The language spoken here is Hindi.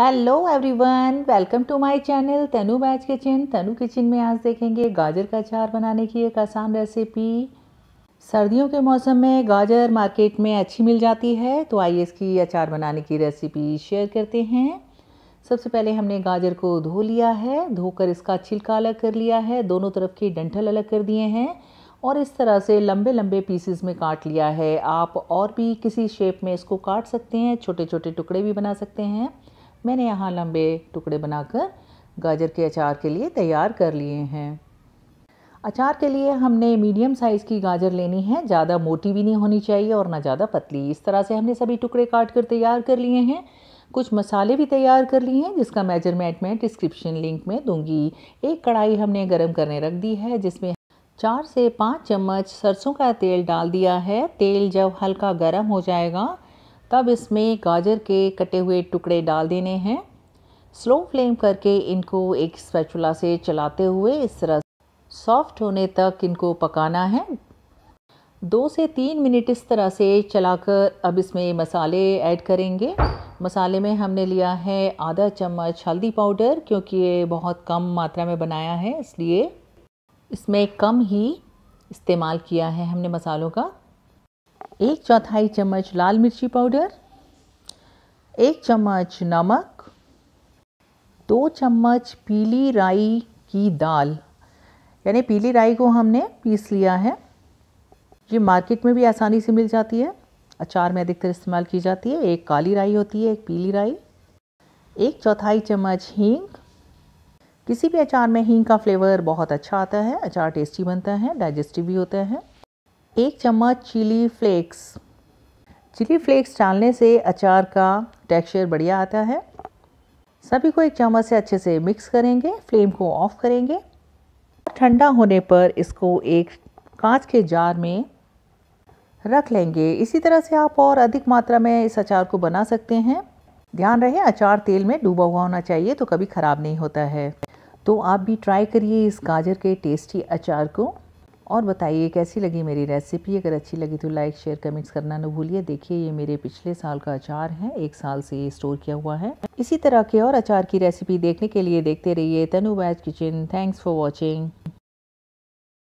hello everyone welcome to my channel Tanu batch kitchen Tanu kitchen में आज देखेंगे गाजर का अचार बनाने की एक आसान रेसिपी सर्दियों के मौसम में गाजर मार्केट में अच्छी मिल जाती है तो आइए इसकी अचार बनाने की रेसिपी शेयर करते हैं सबसे पहले हमने गाजर को धो लिया है धोकर इसका छिलका अलग कर लिया है दोनों तरफ के डंठल अलग कर दिए हैं और इस तरह से लंबे लंबे पीसेस में काट लिया है आप और भी किसी शेप में इसको काट सकते हैं छोटे छोटे टुकड़े भी बना सकते हैं मैंने यहाँ लंबे टुकड़े बनाकर गाजर के अचार के लिए तैयार कर लिए हैं अचार के लिए हमने मीडियम साइज़ की गाजर लेनी है ज़्यादा मोटी भी नहीं होनी चाहिए और ना ज़्यादा पतली इस तरह से हमने सभी टुकड़े काट कर तैयार कर लिए हैं कुछ मसाले भी तैयार कर लिए हैं जिसका मेजरमेंट मैं डिस्क्रिप्शन लिंक में दूंगी एक कढ़ाई हमने गर्म करने रख दी है जिसमें चार से पाँच चम्मच सरसों का तेल डाल दिया है तेल जब हल्का गर्म हो जाएगा तब इसमें गाजर के कटे हुए टुकड़े डाल देने हैं स्लो फ्लेम करके इनको एक स्पैचुला से चलाते हुए इस तरह सॉफ्ट होने तक इनको पकाना है दो से तीन मिनट इस तरह से चलाकर अब इसमें मसाले ऐड करेंगे मसाले में हमने लिया है आधा चम्मच हल्दी पाउडर क्योंकि ये बहुत कम मात्रा में बनाया है इसलिए इसमें कम ही इस्तेमाल किया है हमने मसालों का एक चौथाई चम्मच लाल मिर्ची पाउडर एक चम्मच नमक दो चम्मच पीली राई की दाल यानी पीली राई को हमने पीस लिया है ये मार्केट में भी आसानी से मिल जाती है अचार में अधिकतर इस्तेमाल की जाती है एक काली राई होती है एक पीली राई एक चौथाई चम्मच हींग किसी भी अचार में हींग का फ्लेवर बहुत अच्छा आता है अचार टेस्टी बनता है डाइजेस्टिव भी होता है एक चम्मच चिली फ्लेक्स चिली फ्लेक्स डालने से अचार का टेक्सचर बढ़िया आता है सभी को एक चम्मच से अच्छे से मिक्स करेंगे फ्लेम को ऑफ करेंगे ठंडा होने पर इसको एक कांच के जार में रख लेंगे इसी तरह से आप और अधिक मात्रा में इस अचार को बना सकते हैं ध्यान रहे अचार तेल में डूबा हुआ होना चाहिए तो कभी ख़राब नहीं होता है तो आप भी ट्राई करिए इस गाजर के टेस्टी अचार को और बताइए कैसी लगी मेरी रेसिपी अगर अच्छी लगी तो लाइक शेयर कमेंट्स करना ना भूलिए देखिए ये मेरे पिछले साल का अचार है एक साल से ये स्टोर किया हुआ है इसी तरह के और अचार की रेसिपी देखने के लिए देखते रहिए Tanu batch kitchen thanks for watching